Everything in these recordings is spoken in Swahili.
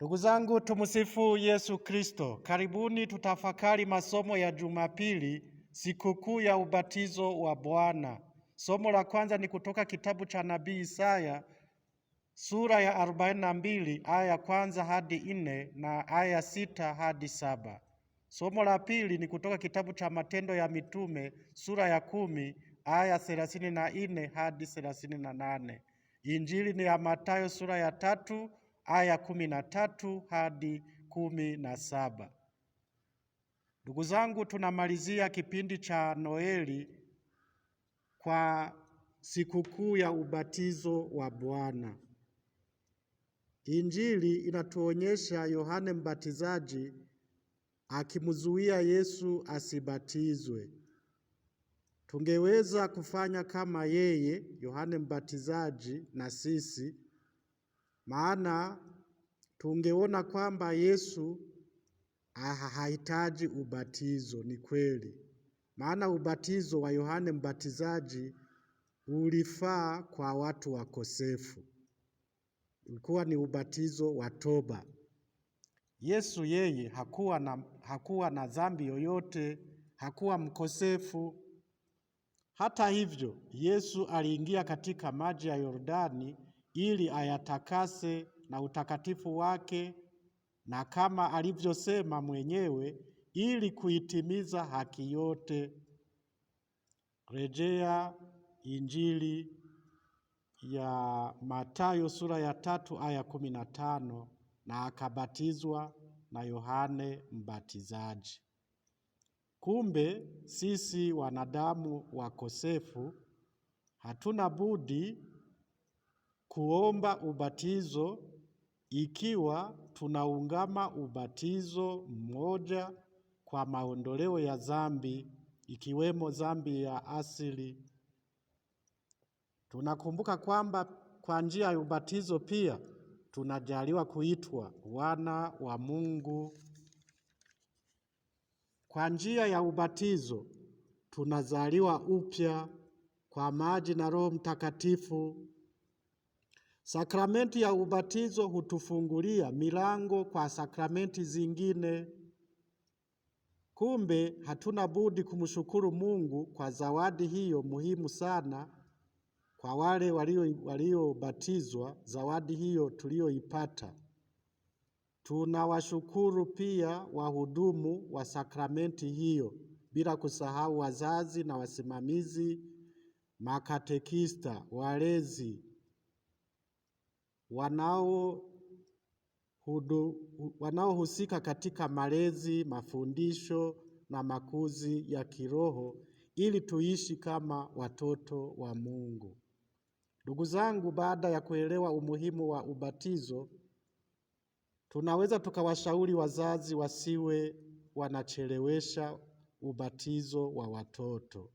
Ndugu zangu, tumsifu Yesu Kristo. Karibuni tutafakari masomo ya Jumapili, sikukuu ya ubatizo wa Bwana. Somo la kwanza ni kutoka kitabu cha nabii Isaya sura ya 42 aya ya kwanza hadi nne na aya ya sita hadi saba. Somo la pili ni kutoka kitabu cha Matendo ya Mitume sura ya kumi aya thelathini na nne hadi thelathini na nane. Injili ni ya Mathayo sura ya tatu aya kumi na tatu hadi kumi na saba. Ndugu zangu, tunamalizia kipindi cha Noeli kwa sikukuu ya ubatizo wa Bwana. Injili inatuonyesha Yohane Mbatizaji akimzuia Yesu asibatizwe. Tungeweza kufanya kama yeye Yohane Mbatizaji na sisi, maana tungeona kwamba Yesu hahitaji ubatizo. Ni kweli, maana ubatizo wa Yohane Mbatizaji ulifaa kwa watu wakosefu, ulikuwa ni ubatizo wa toba. Yesu yeye hakuwa na, hakuwa na dhambi yoyote, hakuwa mkosefu. Hata hivyo, Yesu aliingia katika maji ya Yordani ili ayatakase na utakatifu wake na kama alivyosema mwenyewe ili kuitimiza haki yote. Rejea Injili ya Mathayo sura ya tatu aya kumi na tano. Na akabatizwa na Yohane Mbatizaji. Kumbe sisi wanadamu wakosefu hatuna budi kuomba ubatizo ikiwa tunaungama ubatizo mmoja kwa maondoleo ya dhambi ikiwemo dhambi ya asili. Tunakumbuka kwamba kwa njia ya ubatizo pia tunajaliwa kuitwa wana wa Mungu. Kwa njia ya ubatizo tunazaliwa upya kwa maji na Roho Mtakatifu Sakramenti ya ubatizo hutufungulia milango kwa sakramenti zingine. Kumbe hatuna budi kumshukuru Mungu kwa zawadi hiyo muhimu sana kwa wale waliobatizwa, zawadi hiyo tuliyoipata. Tunawashukuru pia wahudumu wa sakramenti hiyo, bila kusahau wazazi na wasimamizi, makatekista, walezi wanaohusika katika malezi, mafundisho na makuzi ya kiroho ili tuishi kama watoto wa Mungu. Ndugu zangu, baada ya kuelewa umuhimu wa ubatizo, tunaweza tukawashauri wazazi wasiwe wanachelewesha ubatizo wa watoto.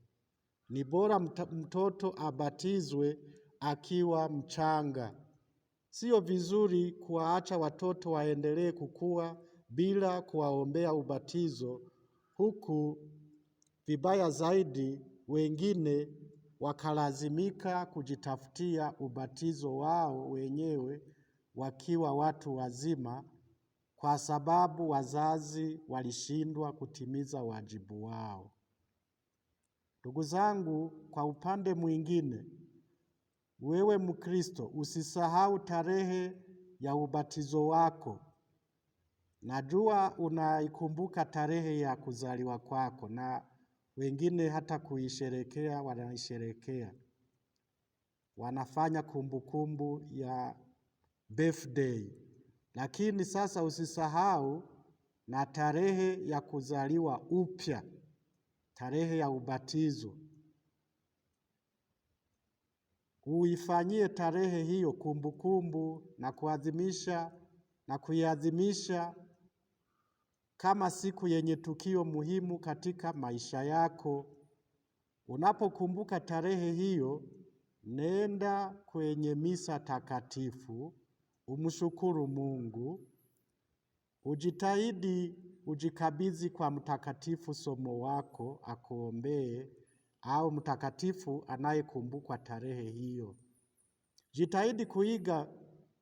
Ni bora mtoto abatizwe akiwa mchanga sio vizuri kuwaacha watoto waendelee kukua bila kuwaombea ubatizo, huku vibaya zaidi wengine wakalazimika kujitafutia ubatizo wao wenyewe wakiwa watu wazima kwa sababu wazazi walishindwa kutimiza wajibu wao. Ndugu zangu, kwa upande mwingine wewe Mkristo, usisahau tarehe ya ubatizo wako. Najua unaikumbuka tarehe ya kuzaliwa kwako, na wengine hata kuisherekea wanaisherekea, wanafanya kumbukumbu -kumbu ya birthday. Lakini sasa usisahau na tarehe ya kuzaliwa upya, tarehe ya ubatizo uifanyie tarehe hiyo kumbukumbu kumbu, na kuadhimisha na kuiadhimisha kama siku yenye tukio muhimu katika maisha yako. Unapokumbuka tarehe hiyo, nenda kwenye misa takatifu, umshukuru Mungu, ujitahidi, ujikabidhi kwa mtakatifu somo wako akuombee au mtakatifu anayekumbukwa tarehe hiyo. Jitahidi kuiga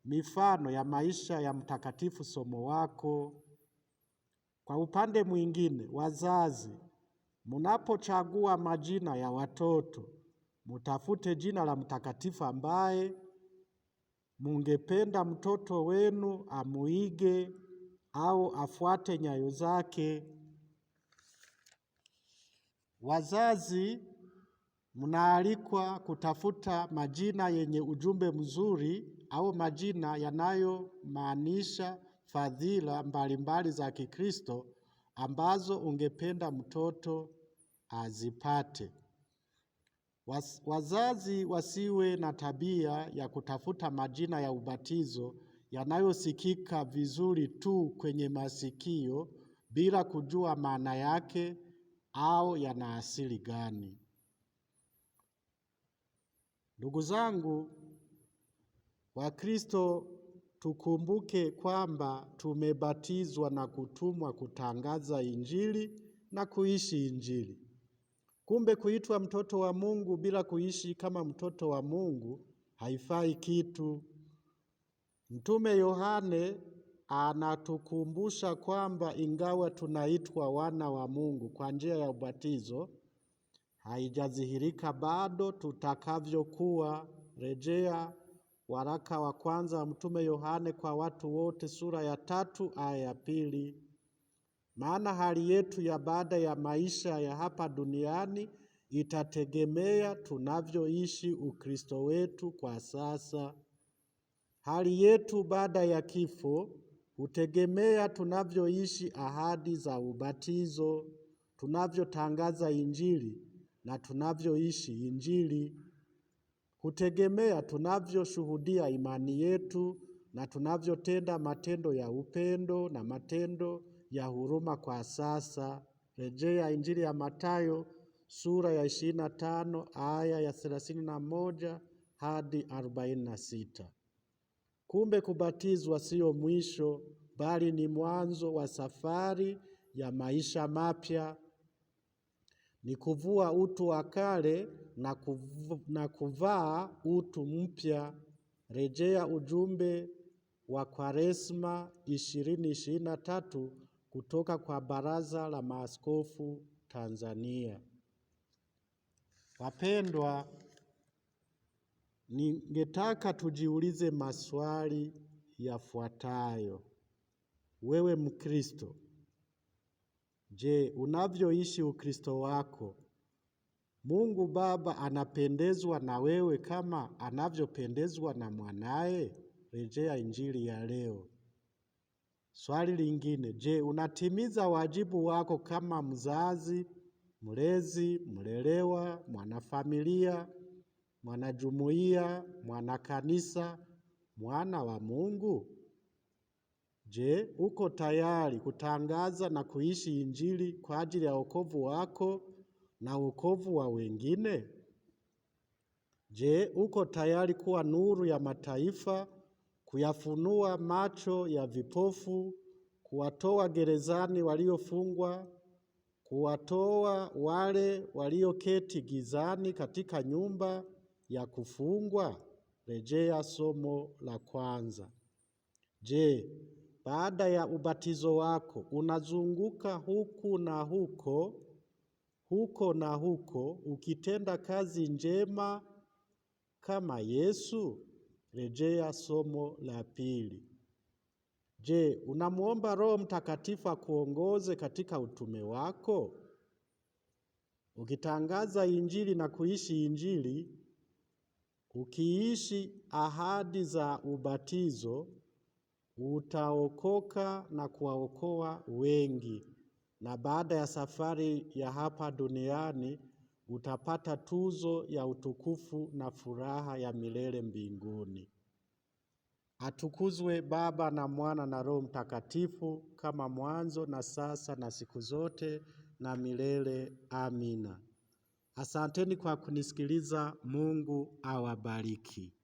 mifano ya maisha ya mtakatifu somo wako. Kwa upande mwingine, wazazi, mnapochagua majina ya watoto, mutafute jina la mtakatifu ambaye mungependa mtoto wenu amuige au afuate nyayo zake. Wazazi mnaalikwa kutafuta majina yenye ujumbe mzuri au majina yanayomaanisha fadhila mbalimbali za Kikristo ambazo ungependa mtoto azipate. Wazazi wasiwe na tabia ya kutafuta majina ya ubatizo yanayosikika vizuri tu kwenye masikio bila kujua maana yake au yana asili gani. Ndugu zangu Wakristo, tukumbuke kwamba tumebatizwa na kutumwa kutangaza Injili na kuishi Injili. Kumbe kuitwa mtoto wa Mungu bila kuishi kama mtoto wa Mungu haifai kitu. Mtume Yohane anatukumbusha kwamba ingawa tunaitwa wana wa Mungu kwa njia ya ubatizo, haijadhihirika bado tutakavyokuwa. Rejea waraka wa kwanza wa Mtume Yohane kwa watu wote sura ya tatu aya ya pili. Maana hali yetu ya baada ya maisha ya hapa duniani itategemea tunavyoishi Ukristo wetu kwa sasa. Hali yetu baada ya kifo hutegemea tunavyoishi ahadi za ubatizo, tunavyotangaza Injili na tunavyoishi. Injili hutegemea tunavyoshuhudia imani yetu na tunavyotenda matendo ya upendo na matendo ya huruma kwa sasa. Rejea Injili ya Mathayo sura ya 25 aya ya 31 hadi 46. Kumbe kubatizwa siyo mwisho bali ni mwanzo wa safari ya maisha mapya ni kuvua utu wa kale na, na kuvaa utu mpya. Rejea ujumbe wa Kwaresma 2023 kutoka kwa Baraza la Maaskofu Tanzania. Wapendwa, ningetaka tujiulize maswali yafuatayo. Wewe Mkristo, Je, unavyoishi Ukristo wako? Mungu Baba anapendezwa na wewe kama anavyopendezwa na mwanaye? Rejea Injili ya leo. Swali lingine, je, unatimiza wajibu wako kama mzazi, mlezi, mlelewa, mwanafamilia, mwanajumuiya, mwanakanisa, mwana wa Mungu? Je, uko tayari kutangaza na kuishi Injili kwa ajili ya wokovu wako na wokovu wa wengine? Je, uko tayari kuwa nuru ya mataifa, kuyafunua macho ya vipofu, kuwatoa gerezani waliofungwa, kuwatoa wale walioketi gizani katika nyumba ya kufungwa? Rejea somo la kwanza. Je, baada ya ubatizo wako unazunguka huku na huko huko na huko ukitenda kazi njema kama Yesu? Rejea somo la pili. Je, unamwomba Roho Mtakatifu akuongoze katika utume wako? Ukitangaza Injili na kuishi Injili, ukiishi ahadi za ubatizo utaokoka na kuwaokoa wengi, na baada ya safari ya hapa duniani utapata tuzo ya utukufu na furaha ya milele mbinguni. Atukuzwe Baba na Mwana na Roho Mtakatifu, kama mwanzo na sasa na siku zote na milele. Amina. Asanteni kwa kunisikiliza. Mungu awabariki.